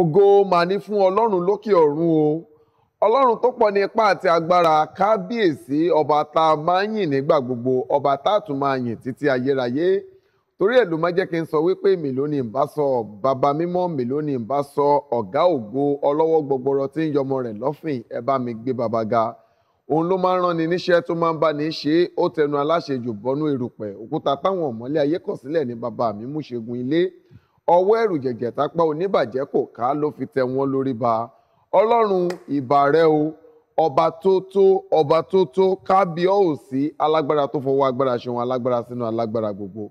ògo màní fún ọlọ́run lókè ọ̀run o ọlọ́run tó pọ̀ ní ipá àti agbára kábíyèsí ọba tá a máa ń yìn nígbà gbogbo ọba tá a tún máa yìn títí ayérayé torí ẹ̀ ló máa jẹ́ kí n sọ wípé mélòó ni ìbá sọ bàbá mímọ́ mélòó ni ìbá sọ ọ̀gá ògo ọlọ́wọ́ gbọgbọrọ tí ń yọmọ rẹ̀ lọ́fìn ẹ bá mi gbé bàbá ga òun ló máa ń ranni níṣẹ́ tó máa ń bá ní ṣe ó tẹnu aláṣejù bọ́nú erùpẹ̀ òkúta táwọn ọ̀mọ́lé ayé kọ̀ sílẹ̀ ní bàbá mi mú ṣẹ́gun ilé ọwọ́ ẹ̀rù jẹ̀jẹ̀ tápá oníbàjẹ́ kò ká ló fi tẹ wọ́n lórí ba ọlọ́run ìbà rẹ o ọba tó tó ọba tó tó kábíọ́ òsì alágbára tó fọwọ́ agbára ṣe wọn alágbára sínú alágbára gbogbo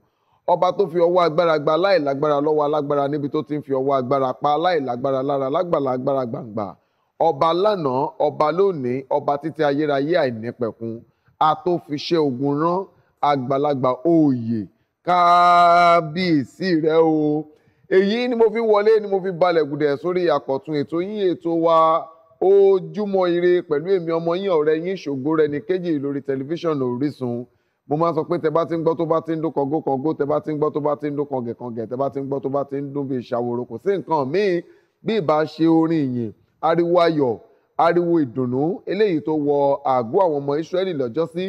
ọba tó fi ọwọ́ agbára gba aláìlágbára lọ́wọ́ alágbára níbi tó ti ń fi ọwọ́ agbára pa aláìlágbára lára lágbàlá agbára gbàǹgbà ọba lánàá ọba lónìí ọba títí ayérayé àìnípẹ̀kun atófiṣẹ́ ogun rán àgbàlagbà òòyè kábíyèsí rẹ o èyí ni mo fi wọlé ni mo fi balẹ̀ gùdẹ̀ sórí àkọ̀tun ètò yín ètò wa ojúmọ́ ire pẹ̀lú èmi ọmọ yín ọ̀rẹ́ yín ṣògo rẹ̀ ní kéjì lórí tẹlifíṣàn Orísun mo máa ń sọ pé tẹ bá ti ń gbọ́ tó bá ti ń dún kọ̀ǹgó kọ̀ǹgó tẹ bá ti ń gbọ́ tó bá ti ń dún kọ̀ǹgẹ̀ kọ̀ǹgẹ̀ tẹ bá ti ń gbọ́ tó bá ti ń dún bí ìṣàwòrò kò sí nǹkan míì bí ìbá ṣe orin ìyìn ariwo ayọ̀ ariwo ìdùnnú eléyìí tó wọ àgọ́ àwọn ọmọ Ísírẹ́lì lọ́jọ́sí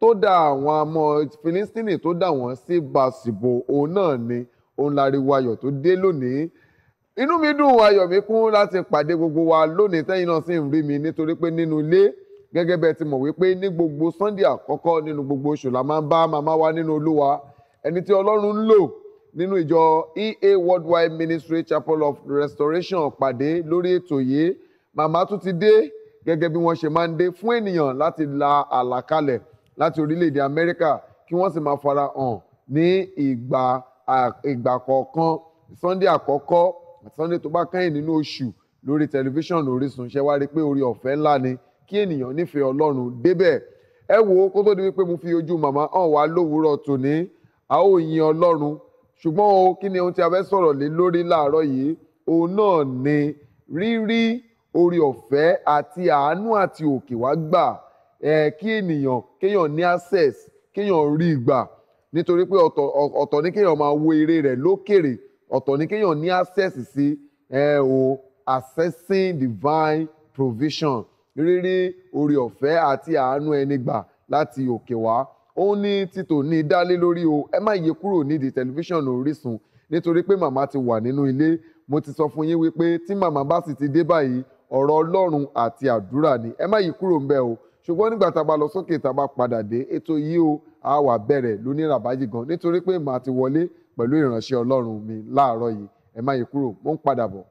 tó dá àwọn ọmọ Fílístínì tó dá wọn sí bàṣìbò òun náà ni òun láriwo ayọ̀ tó dé lónìí inú mi dùn ayọ̀ mi kún láti pàdé gbogbo wa lónìí tẹ́yìn náà sì ń rí mi nítorí pé nínú ilé gẹ́gẹ́ bẹ́ẹ̀ ti mọ̀ wípé ní gbogbo Sunday àkọ́kọ́ nínú gbogbo oṣù la máa ń bá màmá wa nínú Olúwa ẹni tí Ọlọ́run ń lò nínú ìjọ EA Worldwide Ministry Chapel of Restoration pàdé lórí ètò yìí màmá tún ti dé gẹ́gẹ́ bí wọ́n ṣe máa ń dé fún ènìyàn láti la àlàkalẹ̀ láti orílẹ̀-èdè Amẹ́ríkà kí wọ́n sì máa fara hàn ní ìgbà ìgbà kọ̀ọ̀kan sunday àkọ́kọ́ sunday tó bá kẹ́yìn nínú oṣù lórí tẹlifíṣàn Orísun ṣe wá rí i pé orí ọ̀fẹ́ ńlá ni kí ènìyàn nífẹ̀ẹ́ Ọlọ́run débẹ̀ ẹ wo kó tó di wípé mo fi ojú màmá hàn wá lówùúrọ̀ tòní a ó yin Ọlọ́run ṣùgbọ́n o kí ni ohun tí a fẹ́ sọ̀rọ̀ lé lórí láàárọ̀ yìí òun náà ni rírí orí ọ̀fẹ́ àti àánú àti òkè wá gbà ẹ kí ènìyàn kéèyàn ní access kéèyàn rí gbà nítorí pé ọ̀tọ̀ ọ̀tọ̀ ní kéèyàn máa wo eré rẹ̀ lókèrè ọ̀tọ̀ ní kéèyàn ní access sí ẹ o accessing divine provision rírí oore ọ̀fẹ́ àti àánú ẹni gbà láti òkè wá ó ní títò ní dálé lórí o ẹ má yẹ kúrò nídìí tẹlifíṣàn Orísun nítorí pé màmá ti wà nínú ilé mo ti sọ fún yín wípé tí màmá bá sì ti dé báyìí ọ̀rọ̀ Ọlọ́run àti àdúrà ni ẹ má yí kúrò ńbẹ̀ o ṣùgbọ́n nígbà tá a bá lọ sókè tá a bá padà dé ètò yìí o a wà bẹ̀rẹ̀ lóníràbájì gan nítorí pé màá ti wọlé pẹ̀lú ìránṣẹ́ Ọlọ́run mi láàárọ̀ yìí ẹ má yí kúrò mò ń padà bọ̀.